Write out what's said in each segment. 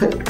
嘿、hey，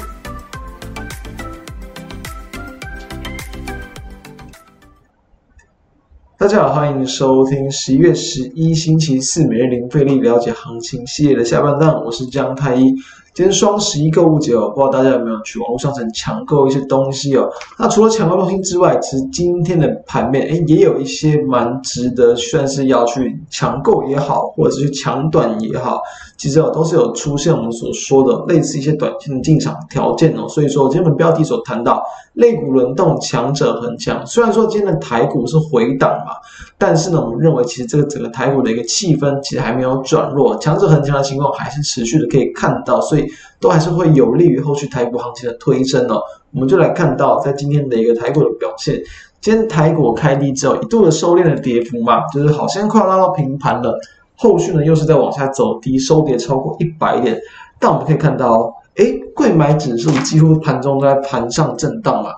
大家好，歡迎收聽十一月十一星期四每日零費力了解行情系列的下半段，我是江太一。今天雙十一購物節哦，不知道大家有沒有去網絡商城搶購一些東西哦？那除了搶購東西之外，其實今天的盤面哎，也有一些蠻值得算是要去搶購也好，或者是去搶短也好，其實哦都是有出現我們所說的類似一些短線的進場條件哦。所以說，我今天本標題所談到，類股輪動強者恆強，雖然說今天的台股是回檔嘛，但是呢，我們認為其實這個整個台股的一個氣氛其實還沒有轉弱，強者恆強的情況還是持續的可以看到，所以。都還是會有利於後續台股行情的推升哦。我們就來看到，在今天的一個台股的表現，今天台股開低之後，一度的收斂的跌幅嘛，就是好像快要拉到平盤了，後續呢又是在往下走低，收跌超過一百點。但我們可以看到、哦，哎，櫃買指數幾乎盤中都在盤上震盪嘛，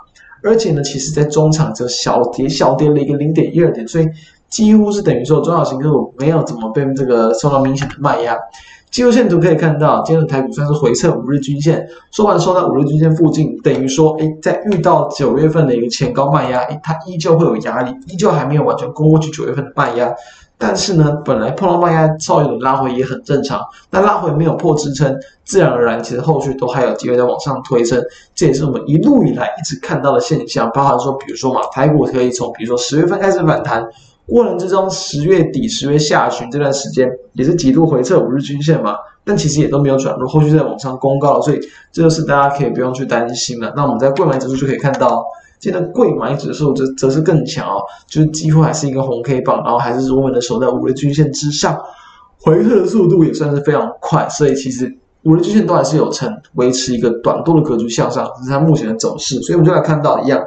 而且呢，其實在中場就小跌小跌了一個零點一二點，所以幾乎是等於說中小型個股沒有怎麼被這個受到明顯的賣壓。技術線圖可以看到，今日的台股算是回撤五日均線，說完收在五日均線附近，等於說，誒在遇到九月份的一個前高賣壓，誒它依舊會有壓力，依舊還沒有完全攻過去九月份的賣壓。但是呢，本來碰到賣壓稍微的拉回也很正常，那拉回沒有破支撐，自然而然，其實後續都還有機會在往上推升。這也是我們一路以來一直看到的現象，包含說，比如說嘛，台股可以從比如說十月份開始反彈。渦輪之中，十月底、十月下旬這段時間也是幾度回撤五日均線嘛，但其實也都沒有轉弱，後續在網上公告了，所以這就是大家可以不用去擔心了。那我們在櫃買指數就可以看到，現在櫃買指數則則是更強哦，就是幾乎還是一個紅 K 棒，然後還是穩穩的守在五日均線之上，回撤的速度也算是非常快，所以其實五日均線都還是有成維持一個短多的格局向上，這是它目前的走勢。所以我們就來看到一樣。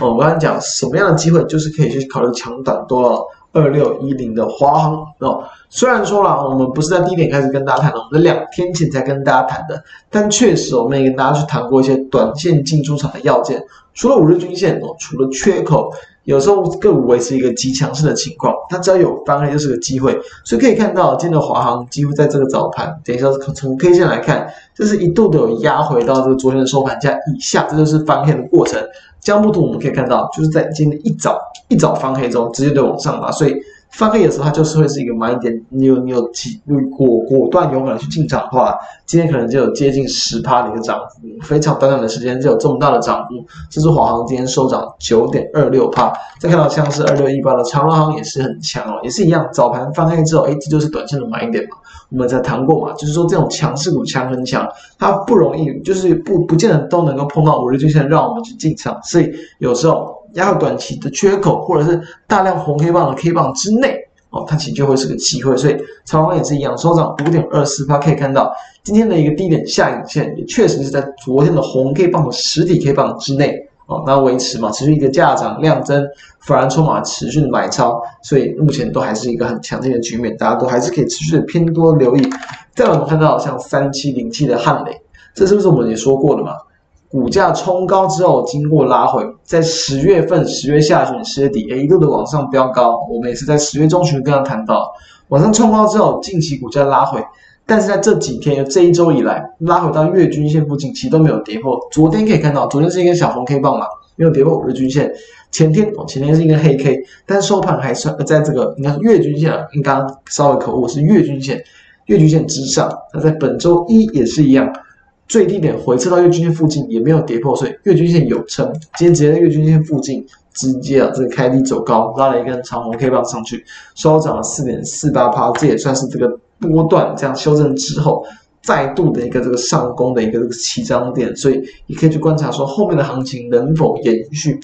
哦、我剛才講什麼樣的機會，就是可以去考慮搶短多了二六一零的華航哦。雖然說了，我們不是在低點開始跟大家談的，我們在兩天前才跟大家談的，但確實我們也跟大家去談過一些短線進出場的要件，除了五日均線哦，除了缺口。有時候個股維持一個極強勢的情況，它只要有翻黑就是個機會，所以可以看到今天的華航幾乎在這個早盤，等一下從 K 線來看，這、就是一度都有壓回到這個昨天的收盤價以下，這就是翻黑的過程。這張圖我們可以看到，就是在今天一早一早翻黑中，直接就往上拉，所以。翻黑的時候，它就是會是一個買點。你有你有幾果果，果斷勇敢去進場的話，今天可能就有接近十趴的一個漲幅，非常短短的時間就有這麼大的漲幅。這是華航今天收漲九點二六趴。再看到像是二六一八的長榮航也是很強哦，也是一樣。早盤翻黑之後，哎，這就是短線的買點嘛。我們才談過嘛，就是說這種強勢股強很強，它不容易，就是不不見得都能夠碰到五日均線讓我們去進場，所以有時候。壓到短期的缺口，或者是大量紅 K 棒的 K 棒之內哦，它其實就會是個機會。所以，草方也是一樣，收漲五點二四趴，可以看到今天的一個低點下影線也確實是在昨天的紅 K 棒的實體 K 棒之內哦，那維持嘛，持續一個價漲量增，反而充滿持續的買超，所以目前都還是一個很強勁的局面，大家都還是可以持續的偏多留意。再我們看到好像三七零七的漢磊，這是不是我們也說過了嘛。股價衝高之後，經過拉回，在十月份、十月下旬、十月底，欸、一路的往上飆高。我們也是在十月中旬跟他談到，往上衝高之後，近期股價拉回，但是在這幾天，由這一周以來，拉回到月均線附近，其實都沒有跌破。昨天可以看到，昨天是一根小紅 K 棒嘛，沒有跌破五日均線。前天哦，前天是一根黑 K，但是收盤還算在這個，應該是月均線啊，應該稍微口誤是月均線，月均線之上。那在本周一也是一樣。最低點回撤到月均線附近也沒有跌破，所以月均線有撐。今天直接在月均線附近直接啊，這個開低走高，拉了一根長紅 K 棒上去，收漲了四點四八%，這也算是這個波段這樣修正之後再度的一個這個上攻的一個這個起漲點。所以你可以去觀察說後面的行情能否延續。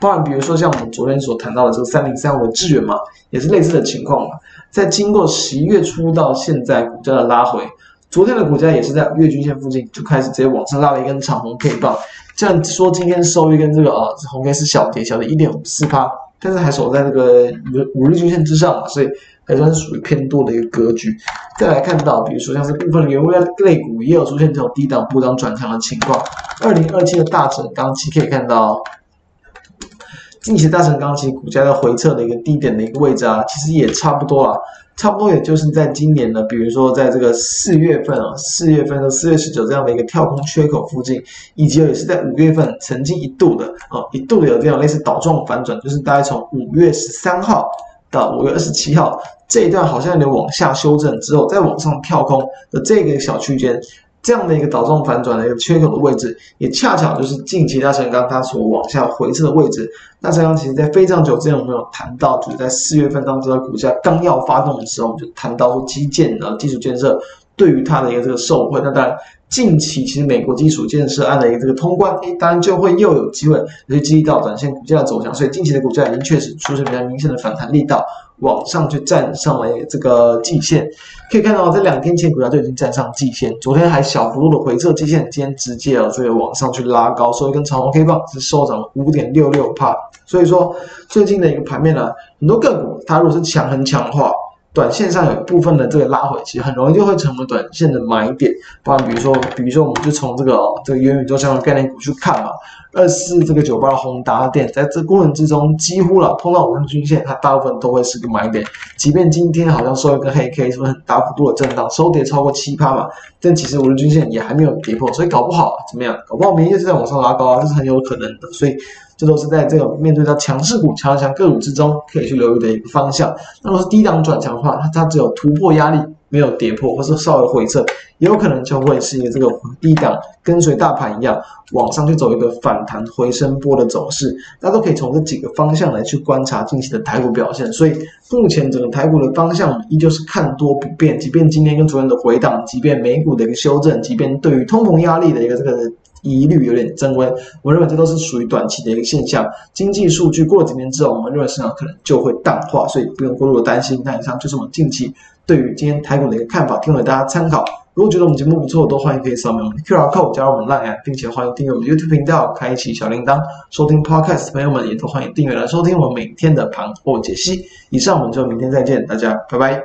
當然，比如說像我們昨天所談到的這個三零三五的智原嘛，也是類似的情況嘛，在經過十一月初到現在股價的拉回。昨天的股價也是在月均線附近就開始直接往上拉了一根長紅 K 棒，這樣說今天收一根這個啊紅 K 是小跌，小跌一點五四趴，但是還守在這個五日均線之上嘛，所以還算是屬於偏多的一個格局。再來看到，比如說像是部分原油央類股也有出現這種低檔波張轉強的情況。二零二七的大成鋼期可以看到，近期的大成鋼期股價的回撤的一個低點的一個位置啊，其實也差不多了、啊。差不多也就是在今年呢，比如說在這個四月份啊，四月份到四月十九這樣的一個跳空缺口附近，以及也是在五月份曾經一度的啊，一度的有這樣類似島狀反轉，就是大概從五月十三號到五月二十七號這一段，好像有點往下修正之後再往上跳空的這個小區間。這樣的一個島狀反轉的一個缺口的位置，也恰巧就是近期大成鋼它所往下回撤的位置。那神鋼其實在非常久之前，我們有談到，就是在四月份當中的股價剛要發動的時候，我們就談到說基建啊，基礎建設。對於它的一個這個受惠，那當然近期其實美國基礎建設案的一個這個通關當然就會又有機會去激勵到短線股價的走強，所以近期的股價已經確實出現比較明顯的反彈力道，往上去站上了個這個季線。可以看到，在兩天前股價就已經站上季線，昨天還小幅度的回撤季線，今天直接啊這個往上去拉高，所以一根長紅 K 棒是收漲了五點六六帕。所以說最近的一個盤面呢，很多個股它如果是強恆強的話，短線上有部分的這個拉回，其實很容易就會成為短線的買點。不然比如說，比如說，我們就從這個、哦、這個元宇宙相關的概念股去看嘛。二四這個九八宏達電，在這過程之中，幾乎了碰到五日均線，它大部分都會是個買點。即便今天好像收一個黑 K，是不是很大幅度的震盪，收跌超過七趴嘛，但其實五日均線也還沒有跌破，所以搞不好怎麼樣？搞不好明天又是在往上拉高啊，這是很有可能的。所以這都是在這個面對到強勢股、強強個股之中，可以去留意的一個方向。那如果是低檔轉強的話，它它只有突破壓力。沒有跌破，或是稍微回撤，也有可能就會是一個這個低檔跟隨大盤一樣，往上去走一個反彈回升波的走勢，那都可以從這幾個方向來去觀察近期的台股表現。所以目前整個台股的方向依舊是看多不變，即便今天跟昨天的回檔，即便美股的一個修正，即便對於通膨壓力的一個這個。疑慮有點增溫，我認為這都是屬於短期的一個現象。經濟數據過了幾年之後，我們認為市場可能就會淡化，所以不用過度擔心。那以上就是我們近期對於今天台股的一個看法，提供給大家參考。如果覺得我們節目不錯，都歡迎可以掃描我們的 QR code 加入我們的 LINE，並且歡迎訂閱我們的 YouTube 頻道，開啟小鈴鐺收聽 podcast。朋友們也都歡迎訂閱來收聽我們每天的盤後解析。以上，我們就明天再見，大家拜拜。